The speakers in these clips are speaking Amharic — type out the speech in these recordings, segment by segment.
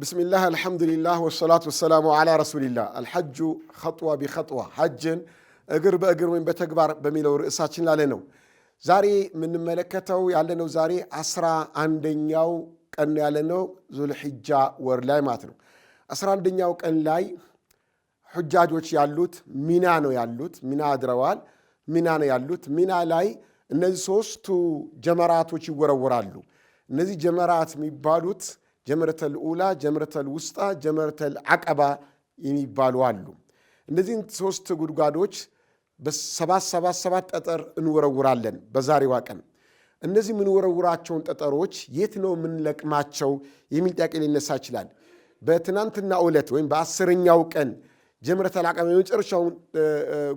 ብስሚላህ አልሐምዱሊላህ ወሰላቱ ወሰላሙ አላ ረሱሊላህ። አልሐጁ ኸጥዋ ቢኸጥዋ ሐጅን እግር በእግር ወይም በተግባር በሚለው ርዕሳችን ላለ ነው። ዛሬ የምንመለከተው ያለነው ዛሬ አስራ አንደኛው ቀን ያለነው ዙልሕጃ ወር ላይ ማለት ነው። አስራ አንደኛው ቀን ላይ ሑጃጆች ያሉት ሚና ነው ያሉት ሚና አድረዋል። ሚና ነው ያሉት ሚና ላይ እነዚህ ሶስቱ ጀመራቶች ይወረወራሉ። እነዚህ ጀመራት የሚባሉት ጀመረተል ኡላ፣ ጀመረተል ውስጣ፣ ጀመረተል አቀባ የሚባሉ አሉ። እነዚህን ሶስት ጉድጓዶች በሰባት ሰባት ሰባት ጠጠር እንወረውራለን በዛሬዋ ቀን። እነዚህ የምንወረውራቸውን ጠጠሮች የት ነው የምንለቅማቸው የሚል ጥያቄ ሊነሳ ይችላል። በትናንትና ዕለት ወይም በአስረኛው ቀን ጀመረተል አቀባ የመጨረሻውን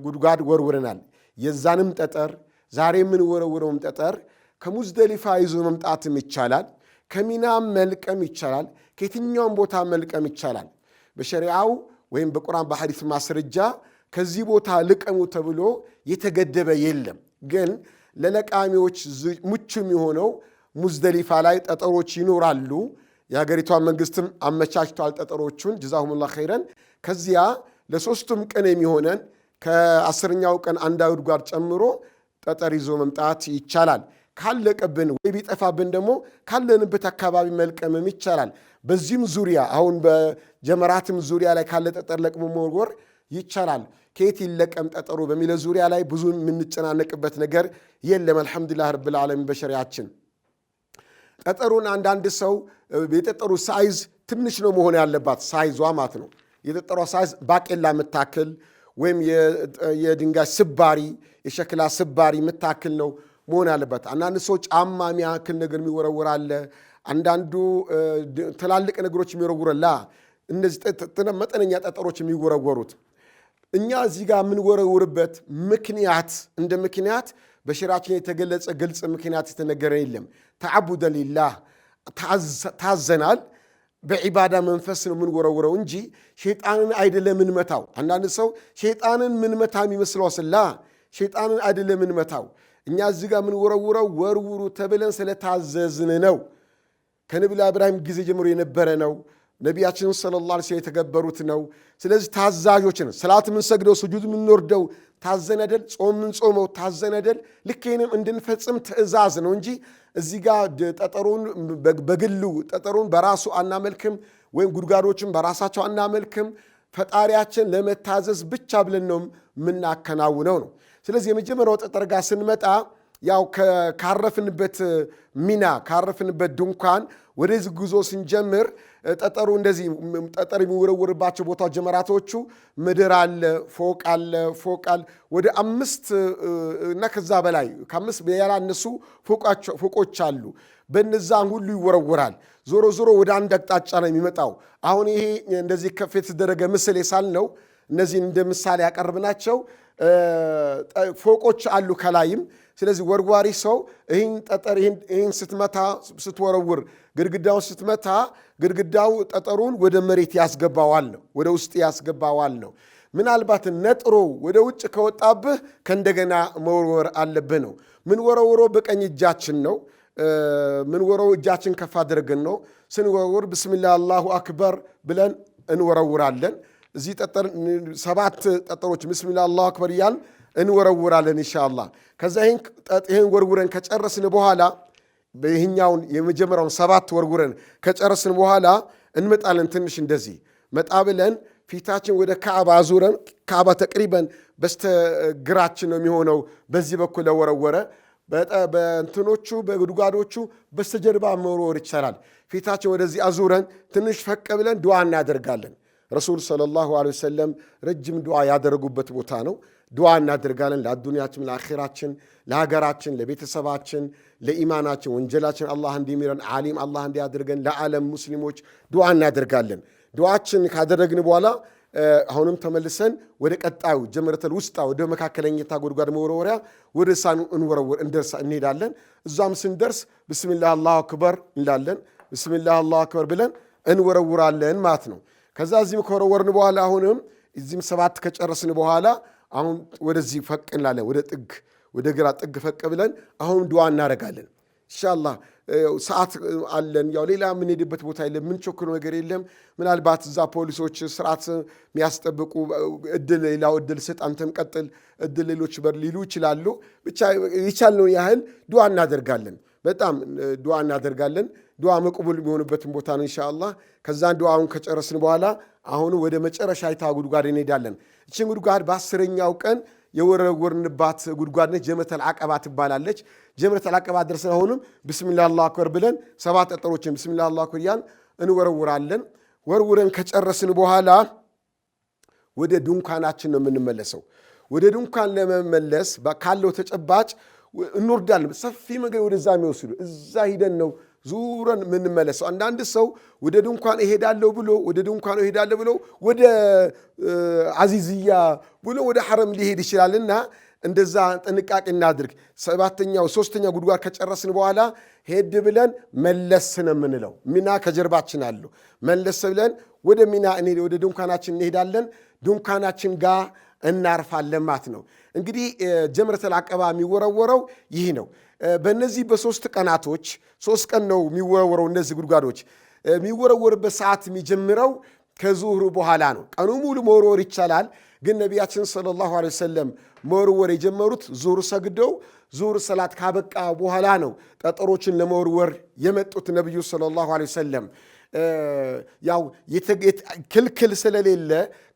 ጉድጓድ ወርውረናል። የዛንም ጠጠር ዛሬ የምንወረውረውም ጠጠር ከሙዝደሊፋ ይዞ መምጣትም ይቻላል። ከሚናም መልቀም ይቻላል። ከየትኛውም ቦታ መልቀም ይቻላል። በሸሪዓው ወይም በቁርአን በሐዲስ ማስረጃ ከዚህ ቦታ ልቀሙ ተብሎ የተገደበ የለም። ግን ለለቃሚዎች ምቹ የሚሆነው ሙዝደሊፋ ላይ ጠጠሮች ይኖራሉ። የሀገሪቷ መንግስትም አመቻችቷል ጠጠሮቹን። ጀዛሁሙላ ኸይረን። ከዚያ ለሶስቱም ቀን የሚሆነን ከአስረኛው ቀን አንድ ጓድ ጨምሮ ጠጠር ይዞ መምጣት ይቻላል። ካለቀብን ወይ ቢጠፋብን ደግሞ ካለንበት አካባቢ መልቀምም ይቻላል። በዚህም ዙሪያ አሁን በጀመራትም ዙሪያ ላይ ካለ ጠጠር ለቅሞ መወርወር ይቻላል። ከየት ይለቀም ጠጠሩ በሚለ ዙሪያ ላይ ብዙ የምንጨናነቅበት ነገር የለም። አልሐምዱሊላህ ረብል ዓለሚን በሸሪያችን ጠጠሩን አንዳንድ ሰው የጠጠሩ ሳይዝ ትንሽ ነው መሆን ያለባት ሳይዟ ማለት ነው። የጠጠሯ ሳይዝ ባቄላ የምታክል ወይም የድንጋይ ስባሪ የሸክላ ስባሪ የምታክል ነው መሆን አለበት። አንዳንድ ሰው ጫማ የሚያክል ነገር የሚወረውር አለ። አንዳንዱ ትላልቅ ነገሮች የሚወረውረላ እነዚህ መጠነኛ ጠጠሮች የሚወረወሩት እኛ እዚህ ጋር የምንወረውርበት ምክንያት እንደ ምክንያት በሽራችን የተገለጸ ግልጽ ምክንያት የተነገረ የለም። ተዓቡደን ሊላህ ታዘናል። በዒባዳ መንፈስ ነው የምንወረውረው እንጂ ሸይጣንን አይደለ ምንመታው። አንዳንድ ሰው ሸይጣንን ምንመታ የሚመስለው ስላ ሸይጣንን አይደለ ምንመታው። እኛ እዚህ ጋር የምንወረውረው ወርውሩ ተብለን ስለታዘዝን ነው። ከነቢላ ኢብራሂም ጊዜ ጀምሮ የነበረ ነው። ነቢያችን ሰለላሁ ዐለይሂ የተገበሩት ነው። ስለዚህ ታዛዦችን ሰላት የምንሰግደው ስጁድ የምንወርደው ታዘነደል ጾም የምንጾመው ታዘነደል ልክንም ልክ ይህንም እንድንፈጽም ትእዛዝ ነው እንጂ እዚህ ጋር ጠጠሩን በግሉ ጠጠሩን በራሱ አናመልክም፣ ወይም ጉድጓዶችን በራሳቸው አናመልክም። ፈጣሪያችን ለመታዘዝ ብቻ ብለን ነው የምናከናውነው ነው። ስለዚህ የመጀመሪያው ጠጠር ጋር ስንመጣ ያው ካረፍንበት ሚና ካረፍንበት ድንኳን ወደዚህ ጉዞ ስንጀምር ጠጠሩ እንደዚህ ጠጠር የሚወረወርባቸው ቦታ ጀመራቶቹ ምድር አለ፣ ፎቅ አለ፣ ፎቅ አለ። ወደ አምስት እና ከዛ በላይ ከአምስት ያላነሱ ፎቆች አሉ። በነዛን ሁሉ ይወረውራል። ዞሮ ዞሮ ወደ አንድ አቅጣጫ ነው የሚመጣው። አሁን ይሄ እንደዚህ ከፍ የተደረገ ምስል የሳል ነው። እነዚህ እንደ ምሳሌ ያቀርብናቸው ፎቆች አሉ ከላይም ስለዚህ ወርዋሪ ሰው ይህን ጠጠር ይህን ስትመታ ስትወረውር ግድግዳውን ስትመታ ግድግዳው ጠጠሩን ወደ መሬት ያስገባዋል ነው፣ ወደ ውስጥ ያስገባዋል ነው። ምናልባት ነጥሮ ወደ ውጭ ከወጣብህ ከእንደገና መወርወር አለብህ ነው። ምን ወረውሮ በቀኝ እጃችን ነው ምን ወረው እጃችን ከፍ አድርገን ነው ስንወርውር፣ ብስሚላ አላሁ አክበር ብለን እንወረውራለን። እዚህ ጠጠር ሰባት ጠጠሮች ብስሚላ አላሁ አክበር እያልን እንወረውራለን ኢንሻአላህ። ከዛ ይህን ወርውረን ከጨረስን በኋላ ይህኛውን የመጀመሪያውን ሰባት ወርውረን ከጨረስን በኋላ እንመጣለን። ትንሽ እንደዚህ መጣ ብለን ፊታችን ወደ ካዕባ አዙረን ካዕባ ተቅሪበን በስተግራችን ነው የሚሆነው። በዚህ በኩል ለወረወረ በእንትኖቹ በጉድጓዶቹ በስተጀርባ መወርወር ይቻላል። ፊታችን ወደዚህ አዙረን ትንሽ ፈቅ ብለን ድዋ እናደርጋለን። ረሱል ሰለላሁ ዐለይሂ ወሰለም ረጅም ድዋ ያደረጉበት ቦታ ነው። ዱዓ እናደርጋለን። ለአዱንያችን፣ ለአኼራችን፣ ለሀገራችን፣ ለቤተሰባችን፣ ለኢማናችን፣ ወንጀላችን አላህ እንዲሚረን ዓሊም አላህ እንዲያደርገን ለዓለም ሙስሊሞች ዱዓ እናደርጋለን። ዱዓችን ካደረግን በኋላ አሁንም ተመልሰን ወደ ቀጣዩ ጀመረተል ውስጣ ወደ መካከለኛታ ጎድጓድ መወረወሪያ ወደ እሳኑ እንወረወር እንደርሳ እንሄዳለን። እዛም ስንደርስ ብስሚላህ አላሁ አክበር እንላለን። ብስሚላህ አላሁ አክበር ብለን እንወረውራለን ማለት ነው። ከዛ እዚህም ከወረወርን በኋላ አሁንም እዚህም ሰባት ከጨረስን በኋላ አሁን ወደዚህ ፈቅ እንላለን፣ ወደ ጥግ ወደ ግራ ጥግ ፈቅ ብለን አሁን ድዋ እናደርጋለን። እንሻላ ሰዓት አለን። ያው ሌላ የምንሄድበት ቦታ የለም። የምንቸኩለው ነገር የለም። ምናልባት እዛ ፖሊሶች ስርዓት የሚያስጠብቁ እድል ሌላው እድል ስጥ፣ አንተም ቀጥል፣ እድል ሌሎች በር ሊሉ ይችላሉ። ብቻ የቻልነውን ያህል ዱዓ እናደርጋለን። በጣም ዱዓ እናደርጋለን። ዱዓ መቅቡል የሚሆንበትን ቦታ ነው ኢንሻአላህ። ከዛን ዱዓውን ከጨረስን በኋላ አሁን ወደ መጨረሻ ይታ ጉድጓድ እንሄዳለን። እችን ጉድጓድ በአስረኛው ቀን የወረወርንባት ጉድጓድ ነች። ጀመተል አቀባ ትባላለች። ጀመተል አቀባ ደርሰን አሁንም ብስሚላ አላሁ አክበር ብለን ሰባት ጠጠሮችን ብስሚላ አላሁ አክበር እንወረውራለን። ወርውረን ከጨረስን በኋላ ወደ ድንኳናችን ነው የምንመለሰው። ወደ ድንኳን ለመመለስ ካለው ተጨባጭ እንወርዳለን። ሰፊ መንገድ ወደዛ የሚወስዱ እዛ ሂደን ነው ዙረን የምንመለሰው። አንዳንድ ሰው ወደ ድንኳን እሄዳለሁ ብሎ ወደ ድንኳን እሄዳለሁ ብሎ ወደ አዚዝያ ብሎ ወደ ሐረም ሊሄድ ይችላልና እንደዛ ጥንቃቄ እናድርግ። ሰባተኛው ሶስተኛው ጉድጓድ ከጨረስን በኋላ ሄድ ብለን መለስ ነው የምንለው። ሚና ከጀርባችን አለው። መለስ ብለን ወደ ሚና ወደ ድንኳናችን እንሄዳለን። ድንኳናችን ጋር እናርፋለን ማለት ነው። እንግዲህ ጀምረተል አቀባ የሚወረወረው ይህ ነው። በእነዚህ በሶስት ቀናቶች ሶስት ቀን ነው የሚወረወረው። እነዚህ ጉድጓዶች የሚወረወርበት ሰዓት የሚጀምረው ከዙሁሩ በኋላ ነው። ቀኑ ሙሉ መወርወር ይቻላል፣ ግን ነቢያችን ሰለላሁ ዐለይሂ ወሰለም መወርወር የጀመሩት ዙሁር ሰግደው ዙሁር ሰላት ካበቃ በኋላ ነው ጠጠሮችን ለመወርወር የመጡት ነቢዩ ሰለላሁ ዐለይሂ ወሰለም ያው ክልክል ስለሌለ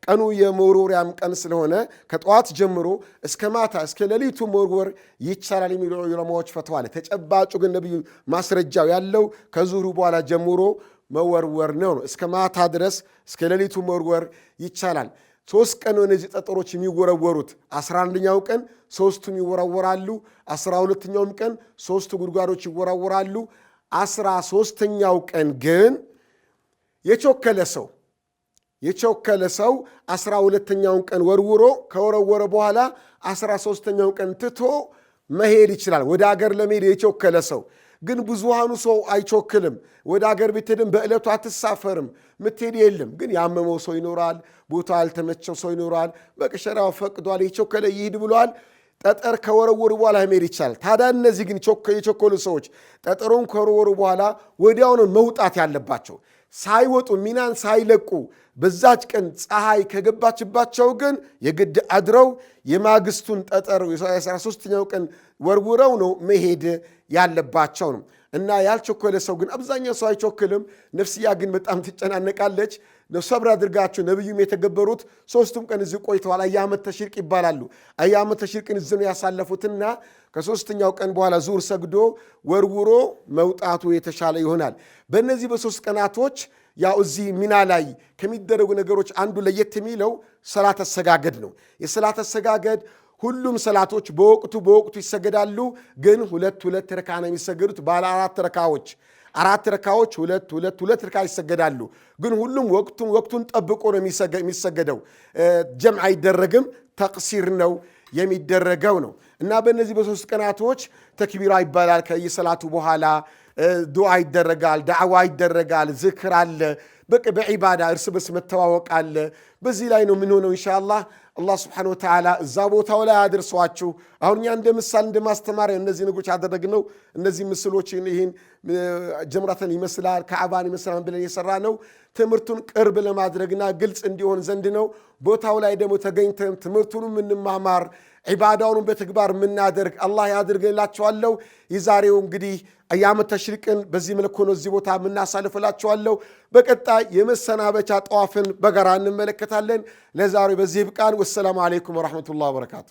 ቀኑ የመወርወሪያም ቀን ስለሆነ ከጠዋት ጀምሮ እስከ ማታ እስከ ሌሊቱ መወርወር ይቻላል የሚሉ ዑለማዎች ፈተዋል። ተጨባጩ ግን ነቢዩ ማስረጃው ያለው ከዙሩ በኋላ ጀምሮ መወርወር ነው። እስከ ማታ ድረስ እስከ ሌሊቱ መወርወር ይቻላል። ሶስት ቀን እነዚህ ጠጠሮች የሚወረወሩት አስራ አንደኛው ቀን ሶስቱም ይወራወራሉ። አስራ ሁለተኛውም ቀን ሶስቱ ጉድጓዶች ይወራወራሉ። አስራ ሶስተኛው ቀን ግን የቾከለ ሰው የቾከለ ሰው አስራ ሁለተኛውን ቀን ወርውሮ ከወረወረ በኋላ አስራ ሦስተኛውን ቀን ትቶ መሄድ ይችላል። ወደ አገር ለመሄድ የቾከለ ሰው ግን ብዙሃኑ ሰው አይቾክልም። ወደ አገር ብትሄድም በዕለቱ አትሳፈርም፣ ምትሄድ የለም። ግን ያመመው ሰው ይኖራል፣ ቦታ ያልተመቸው ሰው ይኖራል። በቅሸራው ፈቅዷል፣ የቾከለ ይሂድ ብሏል። ጠጠር ከወረወሩ በኋላ መሄድ ይቻላል። ታዲያ እነዚህ ግን የቾከሉ ሰዎች ጠጠሩን ከወረወሩ በኋላ ወዲያውኑ መውጣት ያለባቸው ሳይወጡ ሚናን ሳይለቁ በዛች ቀን ፀሐይ ከገባችባቸው ግን የግድ አድረው የማግስቱን ጠጠር የ13ኛው ቀን ወርውረው ነው መሄድ ያለባቸው ነው እና ያልቸኮለ ሰው ግን አብዛኛው ሰው አይቸኩልም። ነፍስያ ግን በጣም ትጨናነቃለች። ሰብር አድርጋቸው ነቢዩም የተገበሩት ሶስቱም ቀን እዚህ ቆይተዋል። አያመት ተሽርቅ ይባላሉ። አያመት ተሽርቅን እዚህ ነው ያሳለፉትና ከሶስተኛው ቀን በኋላ ዙር ሰግዶ ወርውሮ መውጣቱ የተሻለ ይሆናል። በእነዚህ በሶስት ቀናቶች ያው እዚህ ሚና ላይ ከሚደረጉ ነገሮች አንዱ ለየት የሚለው ሰላት አሰጋገድ ነው። የሰላት አሰጋገድ ሁሉም ሰላቶች በወቅቱ በወቅቱ ይሰገዳሉ። ግን ሁለት ሁለት ረካ ነው የሚሰገዱት ባለ አራት ረካዎች አራት ረካዎች ሁለት ሁለት ሁለት ረካ ይሰገዳሉ። ግን ሁሉም ወቅቱን ወቅቱን ጠብቆ ነው የሚሰገደው። ጀምዕ አይደረግም፣ ተቅሲር ነው የሚደረገው ነው እና በእነዚህ በሶስት ቀናቶች ተክቢራ ይባላል ከየሰላቱ በኋላ ዱዓ ይደረጋል፣ ዳዕዋ ይደረጋል፣ ዝክር አለ፣ በዒባዳ እርስ በርስ መተዋወቅ አለ። በዚህ ላይ ነው የምንሆነው ኢንሻአላህ። አላህ ስብሓነሁ ወተዓላ እዛ ቦታው ላይ አድርሰዋችሁ። አሁን እኛ እንደ ምሳል እንደ ማስተማሪያ እነዚህ ነገሮች አደረግነው። እነዚህ ምስሎችን ይህን ጀምራተን ይመስላል ከዓባን ይመስላል ብለን የሰራ ነው ትምህርቱን ቅርብ ለማድረግና ግልጽ እንዲሆን ዘንድ ነው። ቦታው ላይ ደግሞ ተገኝተን ትምህርቱን የምንማማር ዒባዳውንም በተግባር የምናደርግ አላህ ያድርግላችኋለሁ። የዛሬው እንግዲህ የዓመት ተሽሪቅን በዚህ መልክ ነው እዚህ ቦታ የምናሳልፍላችኋለሁ። በቀጣይ የመሰናበቻ ጠዋፍን በጋራ እንመለከታለን። ለዛሬው በዚህ ብቃን። ወሰላሙ አለይኩም ወረሕመቱላህ ወበረካቱ።